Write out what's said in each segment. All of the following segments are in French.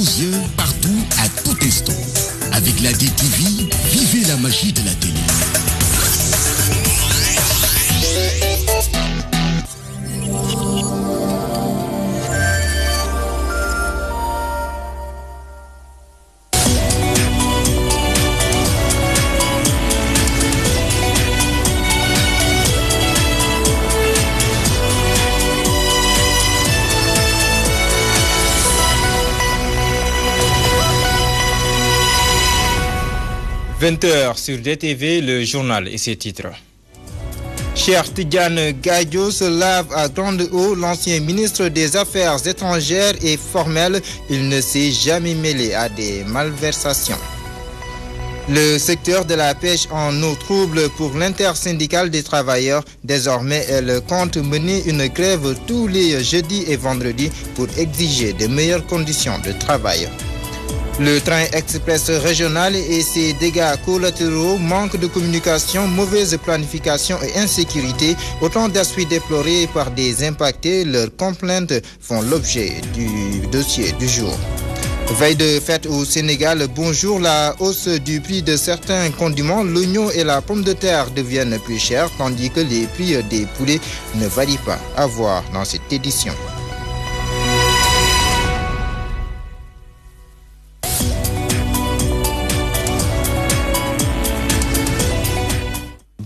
yeux partout à tout instant. Avec la DTV, vivez la magie de la télé. 20h sur DTV, le journal et ses titres. Cher Tidjane Gadjo se lave à grande eau. L'ancien ministre des Affaires étrangères et formel. Il ne s'est jamais mêlé à des malversations. Le secteur de la pêche en eau trouble pour l'intersyndicale des travailleurs. Désormais, elle compte mener une grève tous les jeudis et vendredis pour exiger de meilleures conditions de travail. Le train express régional et ses dégâts collatéraux, manque de communication, mauvaise planification et insécurité, autant d'aspects déplorés par des impactés, leurs complaintes font l'objet du dossier du jour. Veille de fête au Sénégal, bonjour, la hausse du prix de certains condiments, l'oignon et la pomme de terre deviennent plus chers, tandis que les prix des poulets ne valent pas. À voir dans cette édition.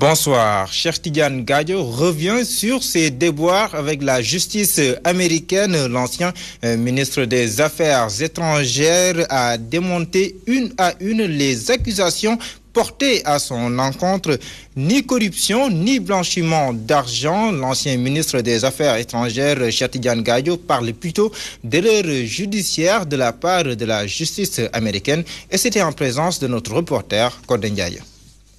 Bonsoir. Cher Tidiane revient sur ses déboires avec la justice américaine. L'ancien euh, ministre des Affaires étrangères a démonté une à une les accusations portées à son encontre. Ni corruption, ni blanchiment d'argent. L'ancien ministre des Affaires étrangères, Chatidiane Gayo, parle plutôt d'erreur judiciaire de la part de la justice américaine. Et c'était en présence de notre reporter, Gaillot.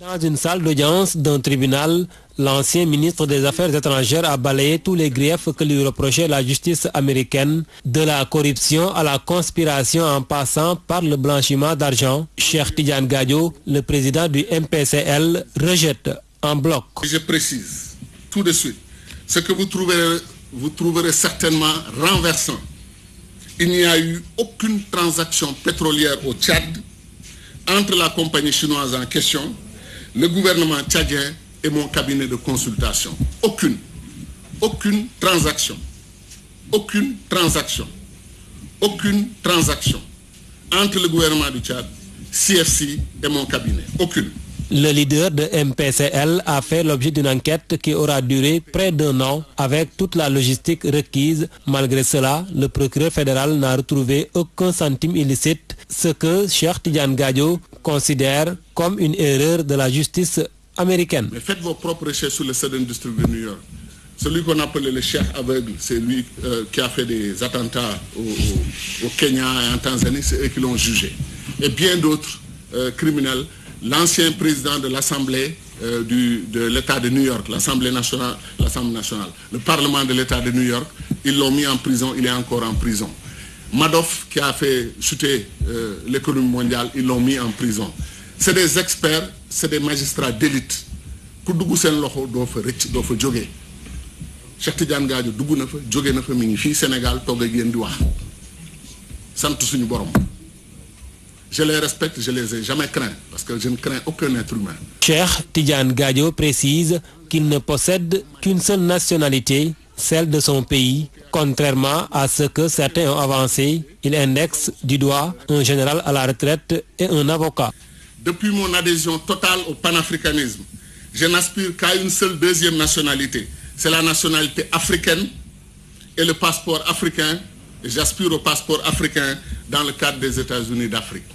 Dans une salle d'audience d'un tribunal, l'ancien ministre des Affaires étrangères a balayé tous les griefs que lui reprochait la justice américaine, de la corruption à la conspiration en passant par le blanchiment d'argent. Cher Tidjane Gadio, le président du MPCL, rejette en bloc. Je précise tout de suite ce que vous trouverez, vous trouverez certainement renversant. Il n'y a eu aucune transaction pétrolière au Tchad entre la compagnie chinoise en question le gouvernement tchadien et mon cabinet de consultation. Aucune. Aucune transaction. Aucune transaction. Aucune transaction entre le gouvernement du Tchad, CFC et mon cabinet. Aucune. Le leader de MPCL a fait l'objet d'une enquête qui aura duré près d'un an avec toute la logistique requise. Malgré cela, le procureur fédéral n'a retrouvé aucun centime illicite, ce que Cheikh Tidjan Gadio considère comme une erreur de la justice américaine. Mais faites vos propres recherches sur le sud District de New York. Celui qu'on appelait le chef aveugle, c'est lui euh, qui a fait des attentats au, Kenya et en Tanzanie, c'est eux qui l'ont jugé. Et bien d'autres euh, criminels. L'ancien président de l'Assemblée euh, de l'État de New York, l'Assemblée nationale, l'Assemblée nationale, le Parlement de l'État de New York, ils l'ont mis en prison, il est encore en prison. Madoff qui a fait chuter euh, l'économie mondiale, ils l'ont mis en prison. C'est des experts, c'est des magistrats d'élite. ku dugg seen loxo doo fa rëcc doo fa jógee Cheikh Tidiane Gadio dugg na fa jóge mi ngi Sénégal toog ak yéen di wax suñu borom je les respecte je les ai jamais craints parce que je ne crains aucun être humain. Cheikh Tidiane Gadio précise qu'il ne possède qu'une seule nationalité celle de son pays. Contrairement à ce que certains ont avancé, il indexe du doigt un général à la retraite et un avocat. Depuis mon adhésion totale au panafricanisme, je n'aspire qu'à une seule deuxième nationalité. C'est la nationalité africaine et le passeport africain. J'aspire au passeport africain dans le cadre des États-Unis d'Afrique.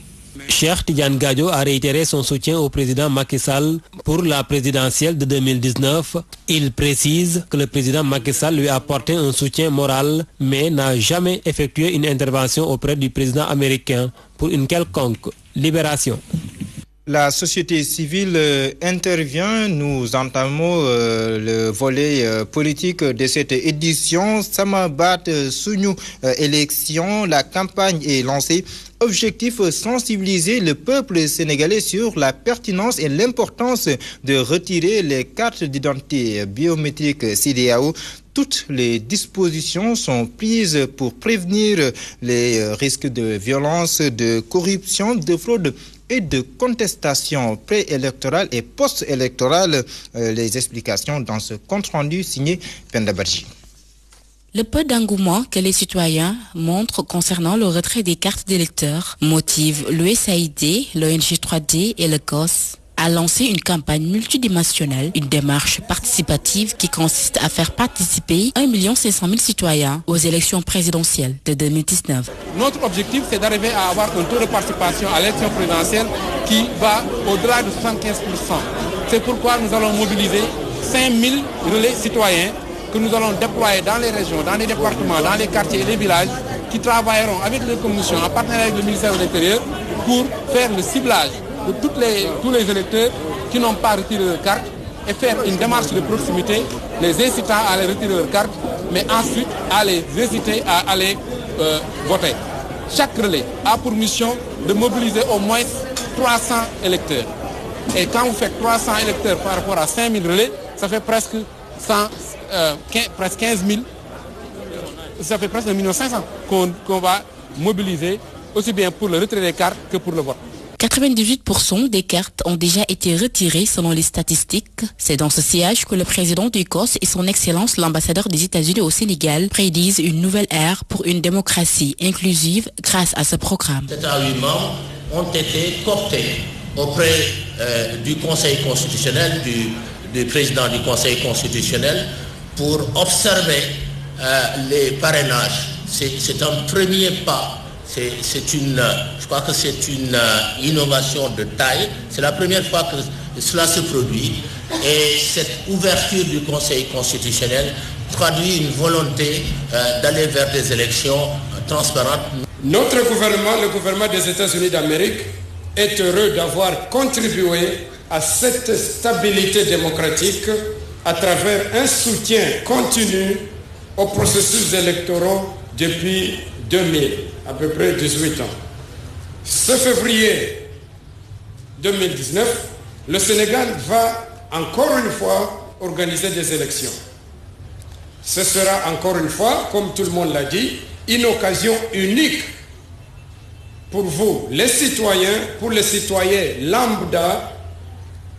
Cheikh Tidiane Gadio a réitéré son soutien au président Macky Sall pour la présidentielle de 2019. Il précise que le président Macky Sall lui a apporté un soutien moral, mais n'a jamais effectué une intervention auprès du président américain pour une quelconque libération. La société civile euh, intervient. Nous entamons euh, le volet euh, politique de cette édition. Samabat sous Sounou élection. La campagne est lancée Objectif, euh, sensibiliser le peuple sénégalais sur la pertinence et l'importance de retirer les cartes d'identité biométriques CDAO toutes les dispositions sont prises pour prévenir les risques de violence, de corruption, de fraude et de contestation préélectorale et post-électorale. Euh, les explications dans ce compte-rendu signé Pendabadji. Le peu d'engouement que les citoyens montrent concernant le retrait des cartes d'électeurs motive le SAID, l'ONG 3D et le COS à lancer une campagne multidimensionnelle, une démarche participative qui consiste à faire participer 1,5 million de citoyens aux élections présidentielles de 2019. Notre objectif, c'est d'arriver à avoir un taux de participation à l'élection présidentielle qui va au-delà de 75%. C'est pourquoi nous allons mobiliser 5 000 relais citoyens que nous allons déployer dans les régions, dans les départements, dans les quartiers et les villages, qui travailleront avec les commissions, en partenariat avec le ministère de l'Intérieur, pour faire le ciblage de tous les électeurs qui n'ont pas retiré leur carte et faire une démarche de proximité, les incitant à aller retirer leur carte, mais ensuite à les inciter à aller euh, voter. Chaque relais a pour mission de mobiliser au moins 300 électeurs. Et quand vous faites 300 électeurs par rapport à 5000 relais, ça fait presque 100, euh, presque 15 000, ça fait presque 1 500 qu'on va mobiliser, aussi bien pour le retrait des cartes que pour le vote. 98% des cartes ont déjà été retirées selon les statistiques. C'est dans ce siège que le président du COS et son excellence l'ambassadeur des États-Unis au Sénégal prédisent une nouvelle ère pour une démocratie inclusive grâce à ce programme. Ces arguments ont été portés auprès euh, du Conseil constitutionnel, du président du Conseil constitutionnel, pour observer euh, les parrainages. C'est un premier pas. C'est une, je crois que c'est une euh, innovation de taille. C'est la première fois que cela se produit. Et cette ouverture du Conseil constitutionnel traduit une volonté euh, d'aller vers des élections transparentes. Notre gouvernement, le gouvernement des États-Unis d'Amérique, est heureux d'avoir contribué à cette stabilité démocratique à travers un soutien continu aux processus électoraux depuis 2000, à peu près 18 ans. Ce février 2019, le Sénégal va encore une fois organiser des élections. Ce sera encore une fois, comme tout le monde l'a dit, une occasion unique pour vous, les citoyens, pour les citoyens lambda,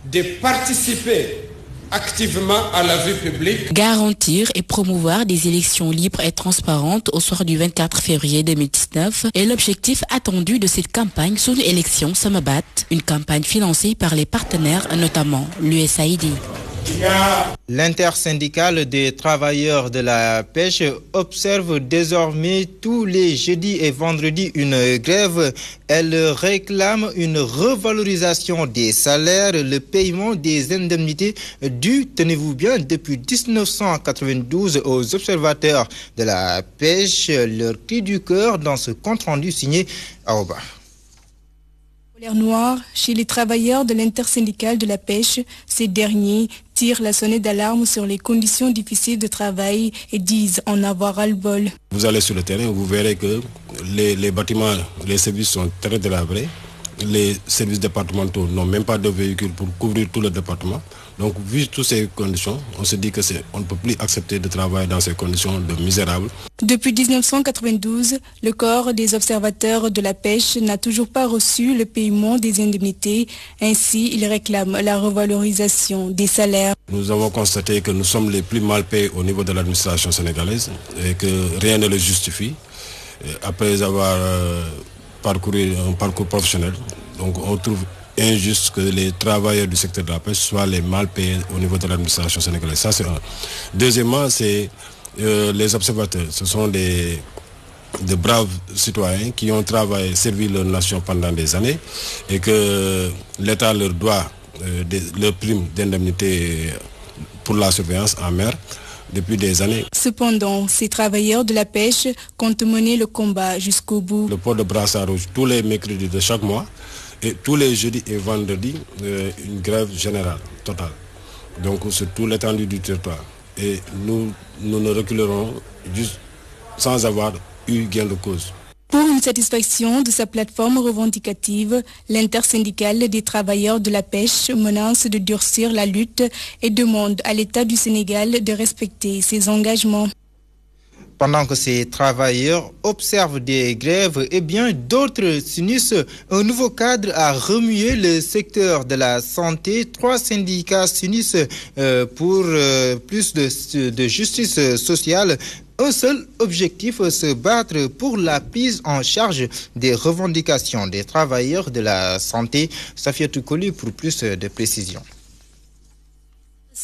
de participer activement à la vie publique. Garantir et promouvoir des élections libres et transparentes au soir du 24 février 2019 est l'objectif attendu de cette campagne sous l'élection Samabat, une campagne financée par les partenaires, notamment l'USAID. L'intersyndicale des travailleurs de la pêche observe désormais tous les jeudis et vendredis une grève. Elle réclame une revalorisation des salaires, le paiement des indemnités dues, tenez-vous bien, depuis 1992 aux observateurs de la pêche. Leur cri du cœur dans ce compte-rendu signé à l'air noire chez les travailleurs de l'intersyndicale de la pêche, ces derniers tirent la sonnette d'alarme sur les conditions difficiles de travail et disent en avoir à le bol Vous allez sur le terrain, vous verrez que les, les bâtiments, les services sont très délabrés. Les services départementaux n'ont même pas de véhicules pour couvrir tout le département. Donc, vu toutes ces conditions, on se dit que c'est, on ne peut plus accepter de travailler dans ces conditions de misérables. Depuis 1992, le corps des observateurs de la pêche n'a toujours pas reçu le paiement des indemnités. Ainsi, il réclame la revalorisation des salaires. Nous avons constaté que nous sommes les plus mal payés au niveau de l'administration sénégalaise et que rien ne le justifie. après avoir euh, parcouru un parcours professionnel, donc on trouve injuste que les travailleurs du secteur de la pêche soient les mal payés au niveau de l'administration sénégalaise. Ça, Deuxièmement, c'est euh, les observateurs. Ce sont des braves citoyens qui ont travaillé, servi leur nation pendant des années et que l'État leur doit euh, des, leur prime d'indemnité pour la surveillance en mer depuis des années. Cependant, ces travailleurs de la pêche comptent mener le combat jusqu'au bout. Le port de Brassard Rouge, tous les mercredis de chaque mois, et tous les jeudis et vendredis, euh, une grève générale, totale. Donc c'est tout l'étendue du territoire. Et nous, nous ne reculerons juste sans avoir eu gain de cause. Pour une satisfaction de sa plateforme revendicative, l'intersyndicale des travailleurs de la pêche menace de durcir la lutte et demande à l'État du Sénégal de respecter ses engagements. Pendant que ces travailleurs observent des grèves et eh bien d'autres s'unissent, un nouveau cadre a remué le secteur de la santé. Trois syndicats s'unissent euh, pour euh, plus de, justice sociale. Un seul objectif, euh, se battre pour la prise en charge des revendications des travailleurs de la santé. Safia Toukoli pour plus de précisions.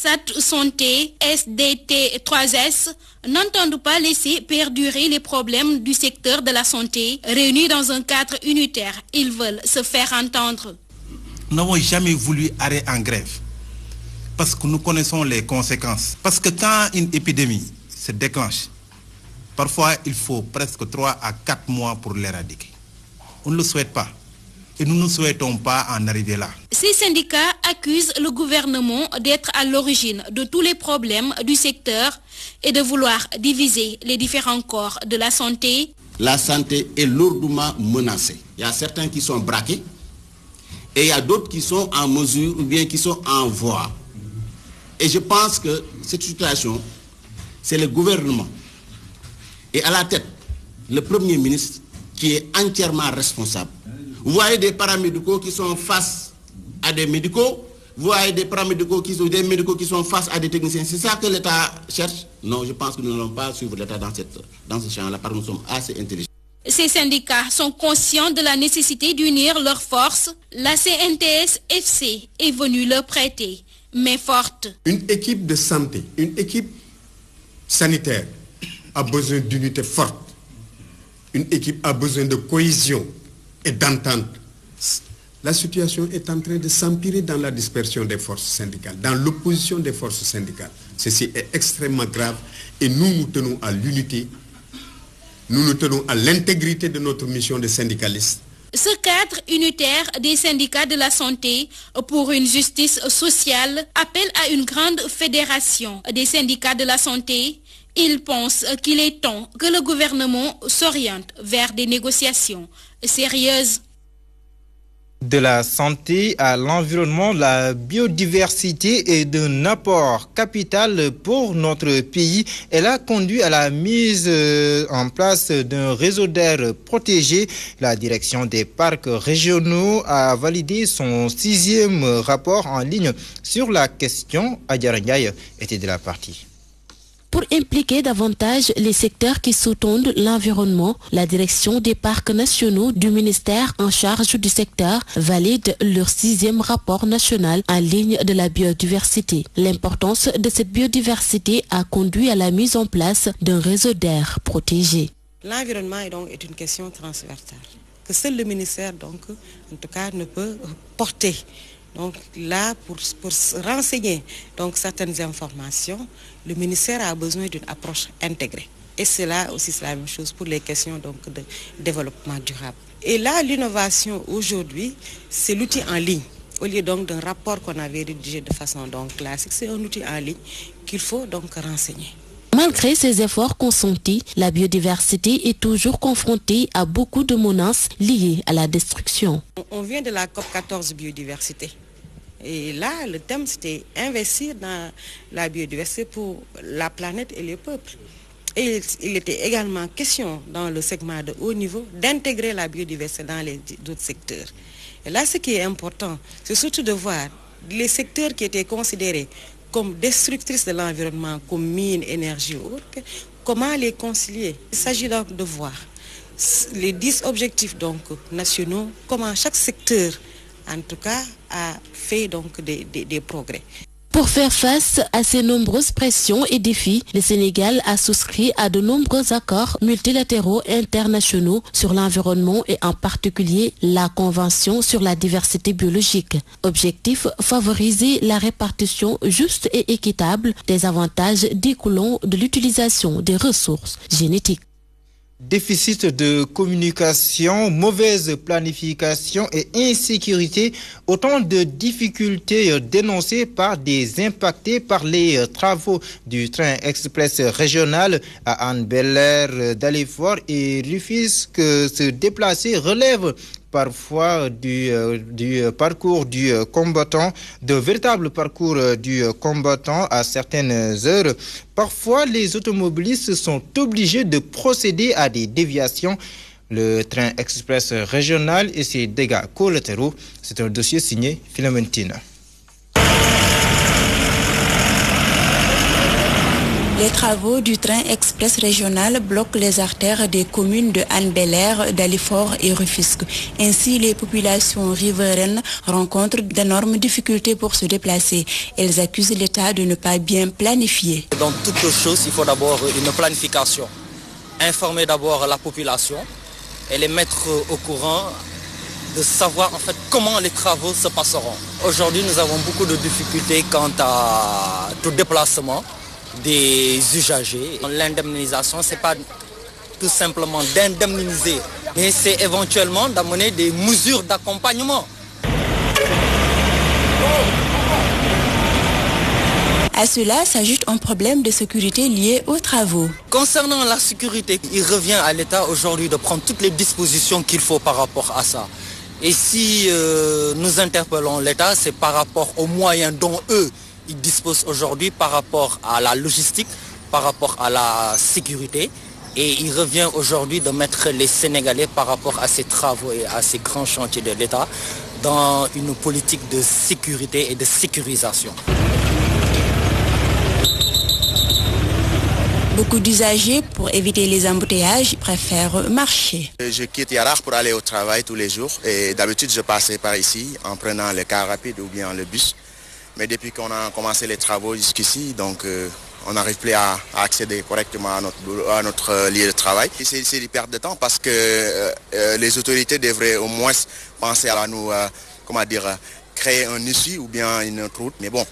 SAT Santé, SDT 3S n'entendent pas laisser perdurer les problèmes du secteur de la santé réunis dans un cadre unitaire. Ils veulent se faire entendre. Nous n'avons jamais voulu arrêter en grève parce que nous connaissons les conséquences. Parce que quand une épidémie se déclenche, parfois il faut presque 3 à 4 mois pour l'éradiquer. On ne le souhaite pas et nous ne souhaitons pas en arriver là. Ces syndicats accuse le gouvernement d'être à l'origine de tous les problèmes du secteur et de vouloir diviser les différents corps de la santé. La santé est lourdement menacée. Il y a certains qui sont braqués et il y a d'autres qui sont en mesure ou bien qui sont en voie. Et je pense que cette situation, c'est le gouvernement et à la tête le Premier ministre qui est entièrement responsable. Vous voyez des paramédicaux qui sont en face à des médicaux, vous avez des paramédicaux qui sont des médicaux qui sont face à des techniciens. C'est ça que l'État cherche Non, je pense que nous n'allons pas suivre l'État dans, dans ce champ-là, parce nous sommes assez intelligents. Ces syndicats sont conscients de la nécessité d'unir leurs forces. La CNTS-FC est venue leur prêter mais forte. Une équipe de santé, une équipe sanitaire a besoin d'unité forte. Une équipe a besoin de cohésion et d'entente la situation est en train de s'empirer dans la dispersion des forces syndicales, dans l'opposition des forces syndicales. Ceci est extrêmement grave et nous nous tenons à l'unité, nous nous tenons à l'intégrité de notre mission de syndicalistes. Ce cadre unitaire des syndicats de la santé pour une justice sociale appelle à une grande fédération des syndicats de la santé. Ils pensent qu'il est temps que le gouvernement s'oriente vers des négociations sérieuses de la santé à l'environnement, la biodiversité est d'un apport capital pour notre pays. Elle a conduit à la mise euh, en place d'un réseau d'air protégé. La direction des parcs régionaux a validé son sixième rapport en ligne sur la question. Adjarangaye était de la partie pour impliquer davantage les secteurs qui sous-tendent l'environnement. La direction des parcs nationaux du ministère en charge du secteur valide leur sixième rapport national en ligne de la biodiversité. L'importance de cette biodiversité a conduit à la mise en place d'un réseau d'air protégé. L'environnement est donc une question transversale que seul le ministère donc en tout cas ne peut porter. Donc là, pour, renseigner donc, certaines informations, le ministère a besoin d'une approche intégrée. Et c'est là aussi, la même chose pour les questions de développement durable. Et là, l'innovation aujourd'hui, c'est l'outil en ligne. Au lieu d'un rapport qu'on avait rédigé de façon donc classique, c'est un outil en ligne qu'il faut donc renseigner. Malgré ces efforts consentis, la biodiversité est toujours confrontée à beaucoup de menaces liées à la destruction. On vient de la COP 14 biodiversité. Et là, le thème, c'était investir dans la biodiversité pour la planète et les peuples. Et il, était également question dans le segment de haut niveau d'intégrer la biodiversité dans les autres secteurs. Et là, ce qui est important, c'est surtout de voir les secteurs qui étaient considérés comme destructrices de l'environnement, comme mines, énergie ou autres, comment les concilier. Il s'agit donc de voir les dix objectifs donc, nationaux, comment chaque secteur en tout cas, a fait donc des, progrès. Pour faire face à ces nombreuses pressions et défis, le Sénégal a souscrit à de nombreux accords multilatéraux internationaux sur l'environnement et en particulier la Convention sur la diversité biologique. Objectif, favoriser la répartition juste et équitable des avantages découlant de l'utilisation des ressources génétiques. Déficit de communication, mauvaise planification et insécurité, autant de difficultés dénoncées par des impactés par les travaux du train express régional à Anne-Belair, Dalifort et Lufis que se déplacer relève parfois du, euh, euh, parcours du euh, combattant, de véritables parcours du combattant à certaines heures. Parfois, les automobilistes sont obligés de procéder à des déviations. Le train express régional et ses dégâts collatéraux, c'est un dossier signé Filamentine. Les travaux du train express régional bloquent les artères des communes de Anne-Belair, d'Alifort et Rufisque. Ainsi, les populations riveraines rencontrent d'énormes difficultés pour se déplacer. Elles accusent l'État de ne pas bien planifier. Dans toutes choses, il faut d'abord une planification. Informer d'abord la population et les mettre au courant de savoir en fait comment les travaux se passeront. Aujourd'hui, nous avons beaucoup de difficultés quant à tout déplacement des usagers. L'indemnisation, ce n'est pas tout simplement d'indemniser, mais c'est éventuellement d'amener des mesures d'accompagnement. À cela s'ajoute un problème de sécurité lié aux travaux. Concernant la sécurité, il revient à l'État aujourd'hui de prendre toutes les dispositions qu'il faut par rapport à ça. Et si euh, nous interpellons l'État, c'est par rapport aux moyens dont eux ils disposent aujourd'hui par rapport à la logistique, par rapport à la sécurité. Et il revient aujourd'hui de mettre les Sénégalais par rapport à ces travaux et à ces grands chantiers de l'État dans une politique de sécurité et de sécurisation. Beaucoup d'usagers, pour éviter les embouteillages, préfèrent marcher. Je quitte Yarar pour aller au travail tous les jours. Et d'habitude, je passais par ici en prenant le car rapide ou bien le bus. Mais depuis qu'on a commencé les travaux jusqu'ici, donc euh, on n'arrive plus à, accéder correctement à notre, euh, lieu de travail. C'est une perte de temps parce que euh, les autorités devraient au moins penser à nous, comment dire, créer un issue ou bien une autre route. Mais bon,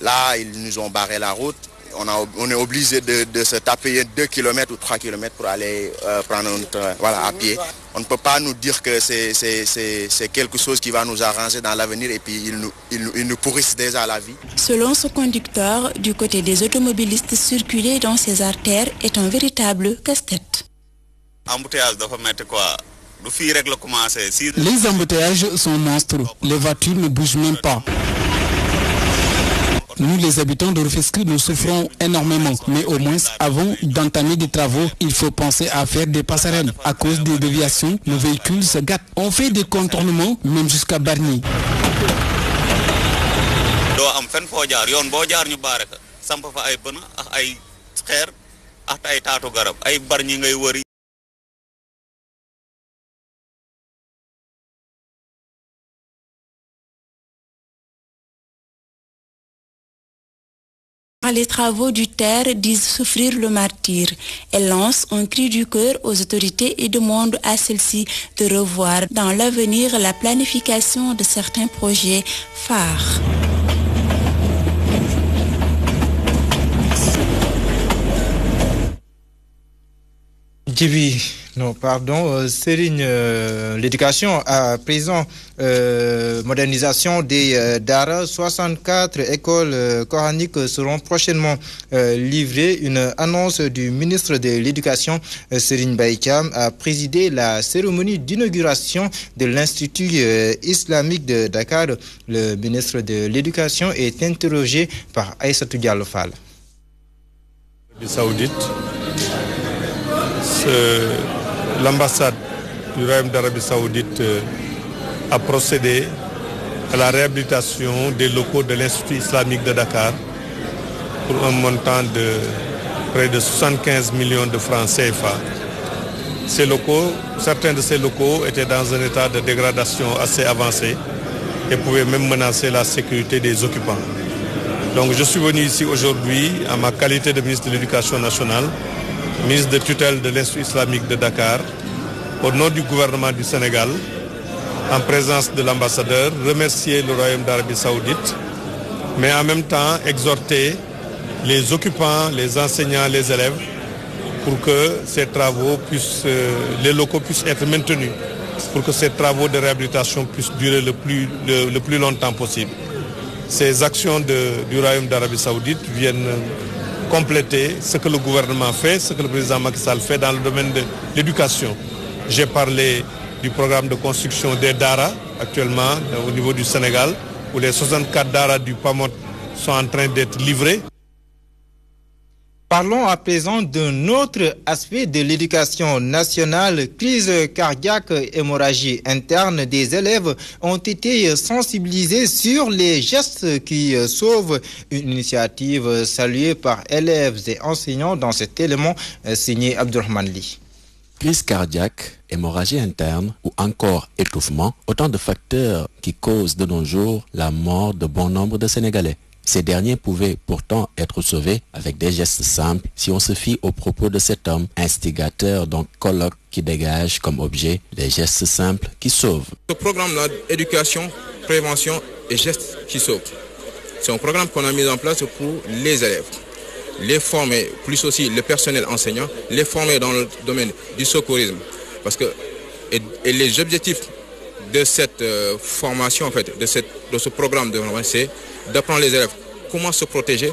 là, ils nous ont barré la route on, est obligé de, se taper 2 km ou 3 km pour aller euh, prendre notre voilà, à pied. On ne peut pas nous dire que c'est quelque chose qui va nous arranger dans l'avenir et puis ils nous, ils, nous pourrissent déjà la vie. Selon ce conducteur, du côté des automobilistes, circuler dans ces artères est un véritable casse-tête. Les embouteillages sont monstres. Les voitures ne bougent même pas. Nous, les habitants de Rufisque, nous souffrons énormément. Mais au moins, avant d'entamer des travaux, il faut penser à faire des passerelles. À cause des déviations, nos véhicules se gâtent. On fait des contournements, même jusqu'à Barnier. les travaux du terre disent souffrir le martyr. Elle lance un cri du cœur aux autorités et demande à celles-ci de revoir dans l'avenir la planification de certains projets phares. Non, pardon, euh, euh, l'éducation à présent, euh, modernisation des euh, DARA, 64 écoles coraniques seront prochainement livrées. Une annonce du ministre de l'Éducation, Céline Baïkam, a présidé la cérémonie d'inauguration de l'Institut islamique de Dakar. Le ministre de l'Éducation est interrogé par Aïssatou Saoudites Saoudite, l'ambassade du Royaume d'Arabie Saoudite euh, a procédé à la réhabilitation des locaux de l'Institut islamique de Dakar pour un montant de près de 75 millions de francs CFA. Ces locaux, certains de ces locaux étaient dans un état de dégradation assez avancé et pouvaient même menacer la sécurité des occupants. Donc je suis venu ici aujourd'hui en ma qualité de ministre de l'Éducation nationale ministre de tutelle de l'Est islamique de Dakar, au nom du gouvernement du Sénégal, en présence de l'ambassadeur, remercier le Royaume d'Arabie saoudite, mais en même temps exhorter les occupants, les enseignants, les élèves, pour que ces travaux puissent, euh, les locaux puissent être maintenus, pour que ces travaux de réhabilitation puissent durer le plus, plus longtemps possible. Ces actions du Royaume d'Arabie saoudite viennent compléter ce que le gouvernement fait, ce que le président Macky Sall fait dans le domaine de l'éducation. J'ai parlé du programme de construction des DARA actuellement euh, au niveau du Sénégal, où les 64 DARA du PAMOT sont en train d'être livrés. Parlons à présent d'un autre aspect de l'éducation nationale. Crise cardiaque, hémorragie interne des élèves ont été sensibilisés sur les gestes qui sauvent une initiative saluée par élèves et enseignants dans cet élément signé Abdurrahman Crise cardiaque, hémorragie interne ou encore étouffement, autant de facteurs qui causent de nos jours la mort de bon nombre de Sénégalais. Ces derniers pouvaient pourtant être sauvés avec des gestes simples si on se fie aux propos de cet homme, instigateur donc colloque qui dégage comme objet les gestes simples qui sauvent. Ce programme d'éducation, prévention et gestes qui sauvent, c'est un programme qu'on a mis en place pour les élèves les former, plus aussi le personnel enseignant, les former dans le domaine du secourisme. Parce que et, les objectifs de cette euh, formation, en fait, de, cette, de ce programme de c'est d'apprendre les élèves comment se protéger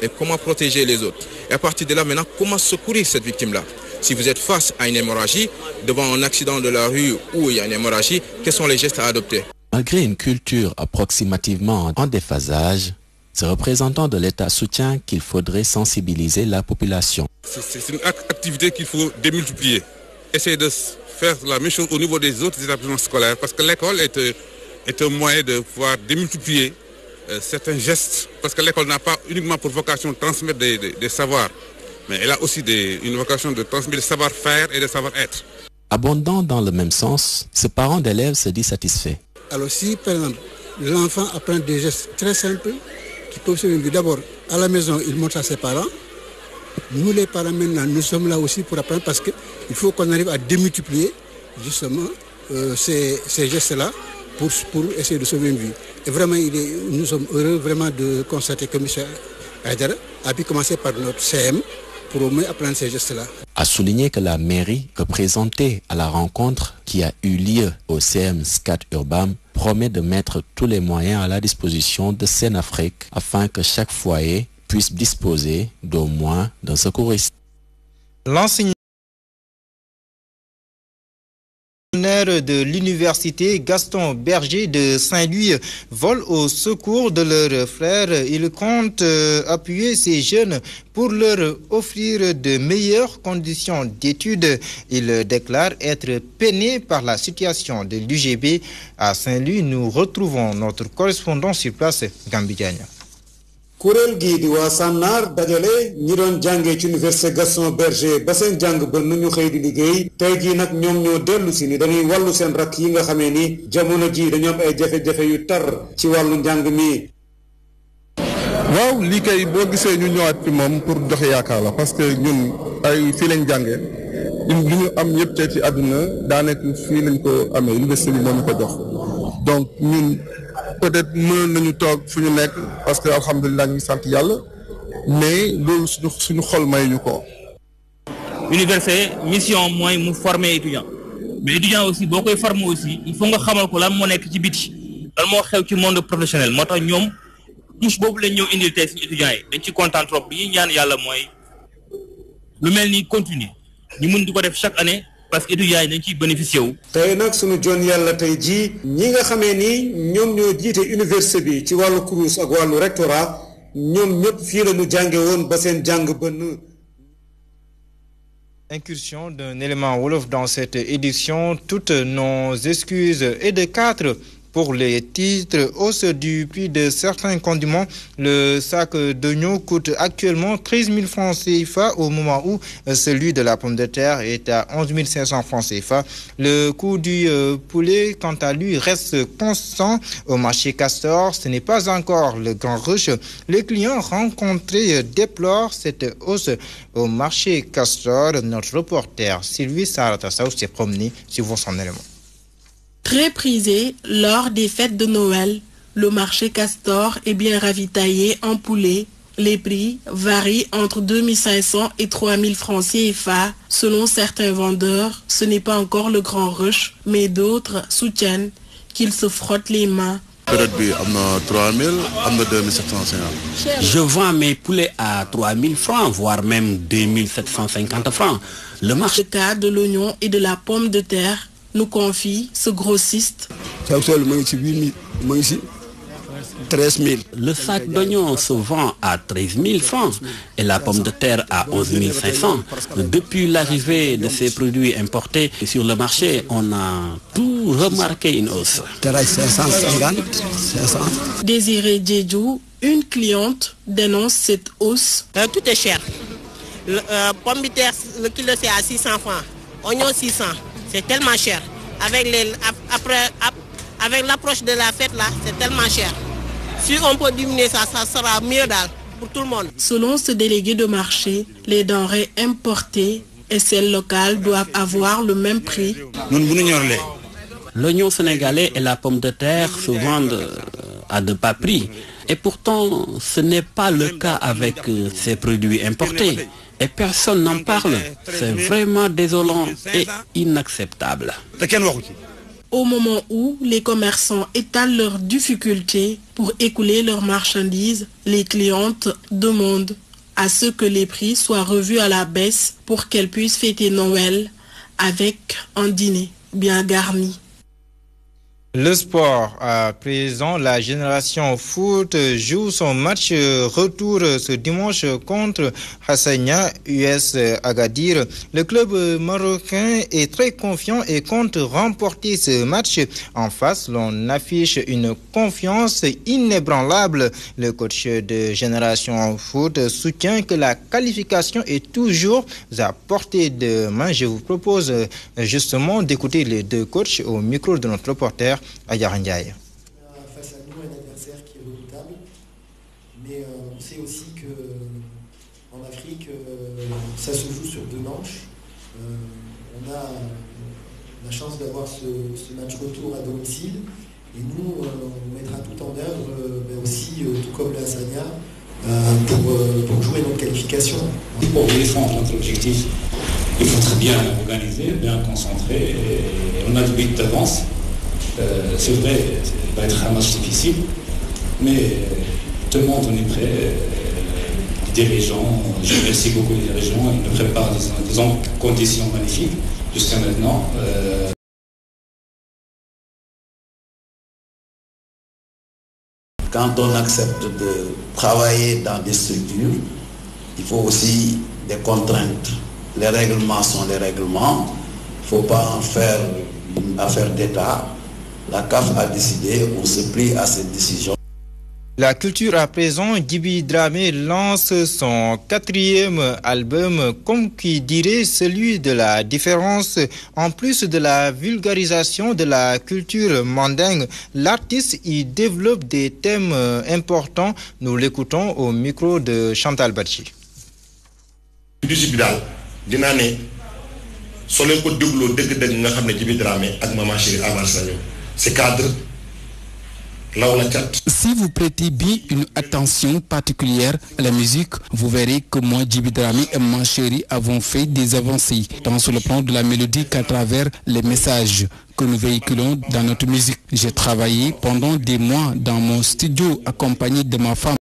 et comment protéger les autres. Et à partir de là, maintenant, comment secourir cette victime-là Si vous êtes face à une hémorragie, devant un accident de la rue où il y a une hémorragie, quels sont les gestes à adopter Malgré une culture approximativement en déphasage, ce représentant de l'État soutient qu'il faudrait sensibiliser la population. C'est une activité qu'il faut démultiplier. Essayer de faire la même chose au niveau des autres établissements scolaires parce que l'école est euh, un moyen de pouvoir démultiplier euh, certains gestes, parce que l'école n'a pas uniquement pour vocation de transmettre des, savoirs, mais elle a aussi une vocation de transmettre des savoir-faire et des savoir-être. Abondant dans le même sens, ce parent d'élève se dit satisfait. Alors si, par exemple, l'enfant apprend des gestes très simples, qui peuvent se d'abord à la maison, il montre à ses parents, nous les parents maintenant, nous sommes là aussi pour apprendre parce qu'il faut qu'on arrive à démultiplier justement euh, ces, gestes-là pour, pour essayer de sauver une vie vraiment, nous sommes heureux vraiment de constater que M. Aider a pu commencer par notre CM pour au moins apprendre ces gestes-là. A souligner que la mairie, représentée à la rencontre qui a eu lieu au CM SCAT Urbam, promet de mettre tous les moyens à la disposition de Seine-Afrique afin que chaque foyer puisse disposer d'au moins d'un secouriste. de l'université Gaston Berger de Saint-Louis volent au secours de leurs frères. Il compte euh, appuyer ces jeunes pour leur offrir de meilleures conditions d'études. Ils déclare être peinés par la situation de l'UGB à Saint-Louis. Nous retrouvons notre correspondant sur place, Gambigagna. kuréel gii di waa Sànnaar dajale ñi doon jàngee ci université Gaston Berger ba seen jàng bënn ñu xëy di liggéey tey jii nag ñoom ñoo dellu si ni dañuy wàllu seen rakk yi nga xamee ni jamono jii dañoo am ay jafe-jafe yu tar ci wàllu njàng mi. waaw lii kay boo gisee ñu ñëwaat ci pour joxe yaakaar la parce que ñun ay fii lañ jàngee li ñu am yëpp tey ci àdduna daanaka fii lañ ko amee université bi moo ñu ko jox donc ñun. peut-être mënoon nañu toog fu ñu nekk parce que alhamdulilah ñu ngi sant yàlla mais loolu suñu suñu xol mayuñu ko. université mission mooy mu former étudiant mais étudiant aussi boo koy former aussi il faut nga xamal ko lan moo nekk ci biti lan moo xew ci monde professionnel moo tax ñoom touche boobu lañ ñëw indil tey suñu étudiants yi dañ ci content trop bi ñuy ñaan yàlla mooy lu mel ni continuer ñu mën di ko def chaque année parce que du yaay dañ ciy bénéficier wu. tey nag sunu jon yalla tay jii ñi nga xamé ni ñom ñoo jité université bi ci walu kurus ak walu rectorat ñom ñep fi la ñu jàngé woon ba seen jàng bënn Incursion d'un élément Wolof dans cette édition, toutes nos excuses et de quatre pour les titres, hausse du prix de certains condiments, le sac d'oignons coûte actuellement 13 000 francs CFA au moment où euh, celui de la pomme de terre est à 11 500 francs CFA. Le coût du euh, poulet, quant à lui, reste constant au marché Castor. Ce n'est pas encore le grand rush. Les clients rencontrés euh, déplorent cette hausse au marché Castor. Notre reporter Sylvie Saratassa s'est promené sur son élément. Très prisé lors des fêtes de Noël, le marché Castor est bien ravitaillé en poulet. Les prix varient entre 2500 et 3000 francs CFA. Selon certains vendeurs, ce n'est pas encore le grand rush, mais d'autres soutiennent qu'ils se frottent les mains je vends mes poulets à 3000 francs, voire même 2750 francs. Le marché de l'oignon et de la pomme de terre nous confie ce grossiste. Le sac d'oignon se vend à 13 000 francs et la pomme de terre à 11 500. Depuis l'arrivée de ces produits importés sur le marché, on a tout remarqué une hausse. Désiré Djedjou, une cliente, dénonce cette hausse. Euh, tout est cher. La euh, pomme de terre, le kilo c'est à 600 francs. Oignon 600 c'est tellement cher. Avec l'approche de la fête là, c'est tellement cher. Si on peut diminuer ça, ça sera mieux pour tout le monde. Selon ce délégué de marché, les denrées importées et celles locales doivent avoir le même prix. L'oignon sénégalais et la pomme de terre se vendent euh, à de pas prix. Et pourtant, ce n'est pas le cas avec euh, ces produits importés et personne n'en parle. C'est vraiment désolant et inacceptable. Au moment où les commerçants étalent leurs difficultés pour écouler leurs marchandises, les clientes demandent à ce que les prix soient revus à la baisse pour qu'elles puissent fêter Noël avec un dîner bien garni. Le sport à présent, la génération foot joue son match retour ce dimanche contre Hassania US Agadir. Le club marocain est très confiant et compte remporter ce match. En face, l'on affiche une confiance inébranlable. Le coach de génération foot soutient que la qualification est toujours à portée de main. Je vous propose euh, justement d'écouter les deux coachs au micro de notre reporter à a Face à nous, un adversaire qui est redoutable, mais euh, on sait aussi que euh, en Afrique, euh, ça se joue sur deux manches. on a la chance d'avoir ce, match retour à domicile. Et nous, on mettra tout en œuvre, mais ben aussi, tout comme la Sanya, pour, jouer notre qualification. Pour défendre notre objectif, il faut très bien organiser, bien concentrer. Et on a du but d'avance. Euh, c'est vrai, va être un match difficile, mais euh, tout le monde est prêt. Euh, les dirigeants, je remercie beaucoup les dirigeants, ils nous préparent des, conditions magnifiques jusqu'à maintenant. Quand on accepte de travailler dans des structures, il faut aussi des contraintes. Les règlements sont les règlements. Il ne faut pas en faire une affaire d'État. La CAF a décidé, on se plie à cette décision. La culture à présent, Gibi Dramé lance son quatrième album, comme qui dirait celui de la différence. En plus de la vulgarisation de la culture mandingue, l'artiste y développe des thèmes importants. Nous l'écoutons au micro de Chantal Bachi cadres si vous prêtez bien une attention particulière à la musique, vous verrez que moi, Drami et ma chéri avons fait des avancées, tant sur le plan de la mélodie qu'à travers les messages que nous véhiculons dans notre musique. J'ai travaillé pendant des mois dans mon studio accompagné de ma femme.